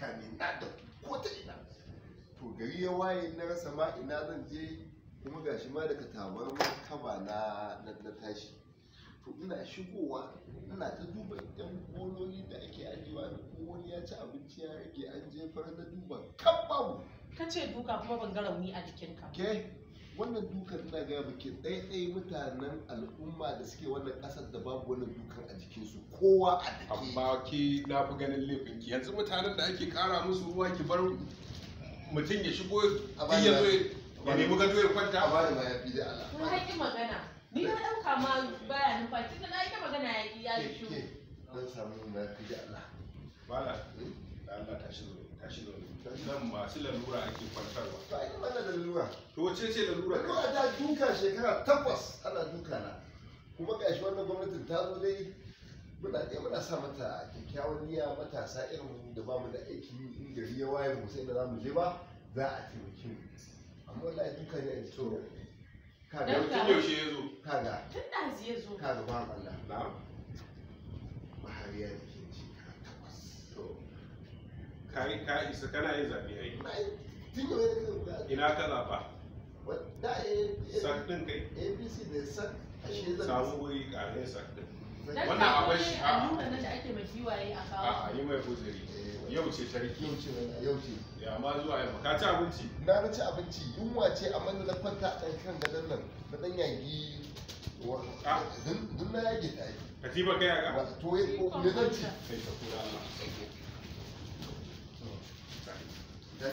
kame da ko ta ina to gari ya waye na rasa ma ina zan je kuma gashi ma daga tabar kaba na na tashi to ina shigowa ina ta duba yan bololi da ake ajiyewa da ya ci abinci ya rage an jefar na duba kan Ka kace duka kuma ban ga rauni a jikinka wannan dukan na gaya muke ɗaiɗai mutanen al'umma da suke wannan ƙasar da babu wannan dukan a jikinsu kowa a dake amma ke na fi ganin laifin ki yanzu mutanen da ake ƙara musu ruwa ki bar mutum ya shigo ya zo ya nemi gado ya kwanta a bayan ya fi da Allah kun haƙi magana ni na ɗauka ma baya numfashi na haƙi magana ya ki ya shi zan samu na fi da Allah bala hmm? Allah tashi zo tashi da nan masu lalura ake kwantarwa lalura to wace ce lalura ko a da duka shekara takwas ana duka na kuma gashi wannan gwamnatin ta zo dai muna dai muna sa mata kyakkyawan niyya matasa irin da ba mu da aiki in gari ya waye mu sai da za mu je ba za a taimake mu amma wallahi duka ne in to kaga tun yaushe ya zo kaga tun da ya zo kaga ba Allah na'am ne shekara takwas to kai ka isa kana yin zabe ai ina ka zaɓa sak ɗin kai samu wuri kare sak ɗin wannan akwai shi a a yi mai kuzari eh. yau ce tarki yau ce ya ma zuwa yau. ka ci abinci na na ci abinci yunwa ce a da na kwanta a kan gadon nan na ɗan yagi dun na ta yi kai a ko ne zan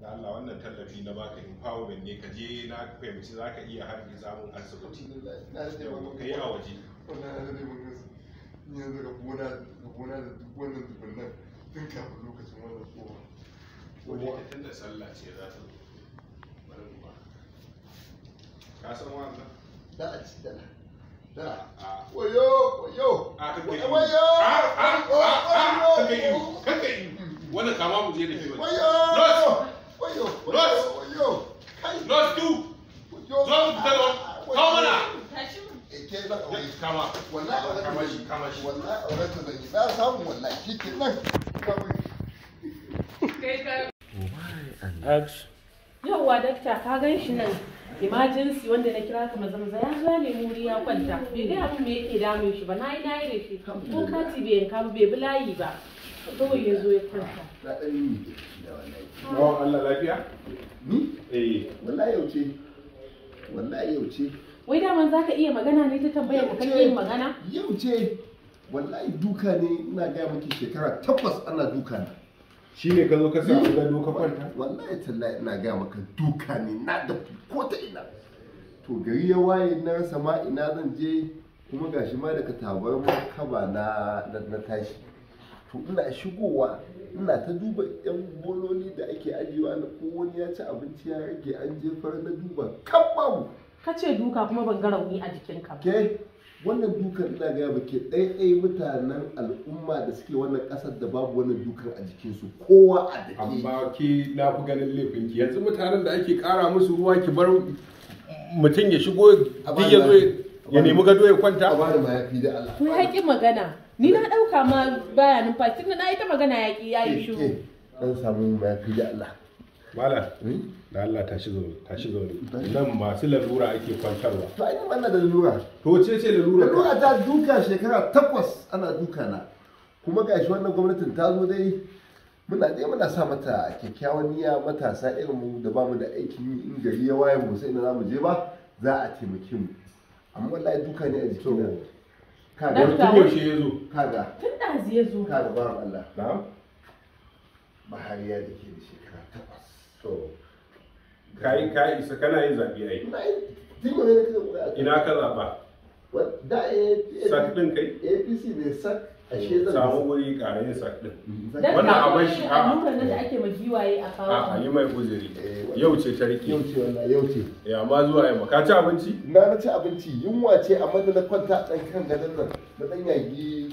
da Allah wannan tallafi na baka empowerment ne ka je na fahimci za ka iya har samun asibiti ka yi a waje gona gona da duk wannan tun kafin lokacin wannan wani sallah ce za ta bari mu ba ka san wannan da a ci wayo wayo wayo auren ta zanyi na samu wallahi shi nan yauwa dakta ka gan shi nan emergency wanda na kira ka mazamza ya zo ne muri ya kwanta bai gaya abin me yake damun shi ba na yi na yi da shi ko kati bai yanka ba, bai bi layi ba kawai ya zo ya kwanta na Allah lafiya ni eh wallahi yau ce wallahi yau ce wai daman za ka iya magana ne ta tambayar ka kake yin magana yau ce wallahi duka ne ina gaya maki shekara takwas ana duka ne. shi ne ka zo ka sa ga doka kwanta wallahi tallahi ina gaya maka duka ne na da ko ta ina to gari ya waye na rasa ma ina zan je kuma gashi ma daga tabar kaba na na tashi to ina shigowa ina ta duba yan bololi da ake ajiyewa na ko wani ya ci abinci ya rage an jefar na duba kan babu ka ce duka kuma ban ga rauni a jikinka ba wannan dukan ina gaya ba ke ɗaiɗai mutanen al'umma da suke wannan ƙasar da babu wannan dukan a jikinsu kowa a ke amma ke na fi ganin laifin ki yanzu mutanen da ake ƙara musu ruwa ki bar mutum ya shigo duk ya zo ya nemi gado ya kwanta a ya fi da Allah ku haƙi magana ni na ɗauka ma bayanin numfashi na yi ta magana yaƙi ya yi shiru dan samu da Allah Bala, hmm? da Allah tashi ta tashi zaure. nan masu lalura ake kwantarwa to ai ban da lalura to ce ce lalura lalura ta duka shekara takwas ana duka na kuma gashi wannan gwamnatin ta zo dai muna dai muna sa mata kyakkyawan niyya matasa irin mu da bamu da aikin yi in gari ya waye mu sai na mu je ba za a taimake mu amma wallahi duka ne a jikin nan. kaga tun shi ya zo kaga tun da ya zo kaga ba Allah na'am Bahariya da ke da shekara takwas to kai kai isa kana yin zabi ai ne kake kuka. ina ka zaba da eh sak din kai apc ne sak ashe zan samu wuri ƙara yin sak din mm, wannan abin shi a ayyukan da ake ma giwaye a kawo a yi mai guzuri eh, yau ce tarki. yau ce wannan yau ce ya ma zuwa yamma ka ci abinci na na ci abinci yunwa ce amma da na kwanta dan kan gadon nan na dan yagi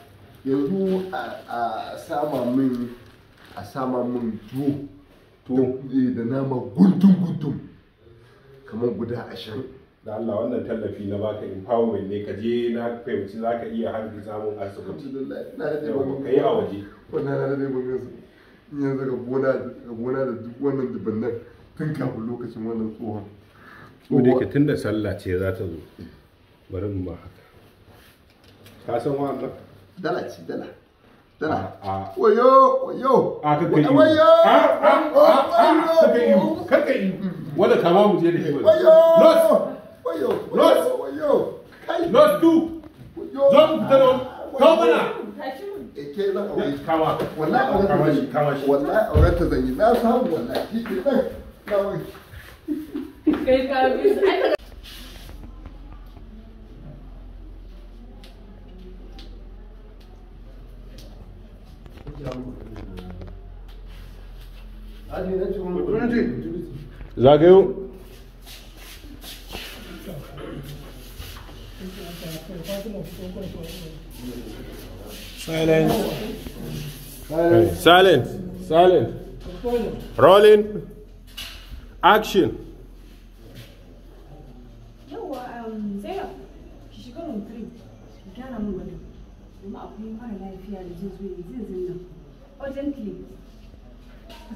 yanzu a sama min a sama min tuwo to da nama guntun guntun kamar guda ashirin da Allah wannan tallafi na baka empowerment ne ka je na fahimci za ka iya harbi samun asibiti ka yi a waje wannan na dade ban gasu yanzu ga gona ga gona da duk wannan dubannan tun kafin lokacin wannan tsohon ko da tun da sallah ce za ta zo bari mu ba haka ka san wannan dala ci dala dala ah, ah. wayo wayo a ah, kaka yi wayo a kaka yi kaka yi wanda kama mu je da shi wayo wayo wayo wayo kai los du zan fita don kawuna ke zan aure kama wallahi aure kama shi kama shi ta zanyi na samu wallahi shi nan kawai kai ka bi zagayo silent silent silent, rolling action um,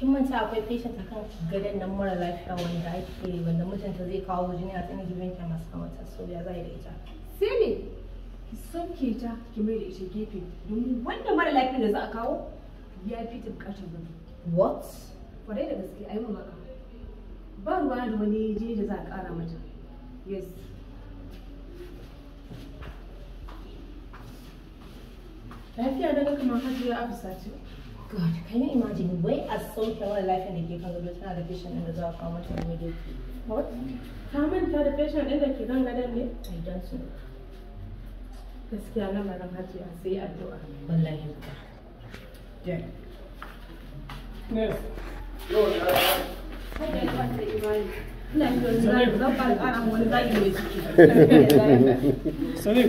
kin manta akwai patient akan gadon nan mara lafiya wanda ake wanda mutunta zai kawo jini a tsanin gidan ki masu kamata so ya yi da ita sai ne ki sauke ta ki mai da ita gefe domin wanda mara lafiya da za a kawo ya fi ta bukatar gado what kwarai da gaske a mun maka ba ruwa da wani jini da za a kara mata yes lafiya daga kamar ya abu sati. God, can you imagine? Where as social life in the gay congregation a patient in the Zao how much money they pay? What? How many are the patient in the Kidan Garden? I don't know. This lamarin hajiya sai addu'a. Wallahi ba. Yes. Yo,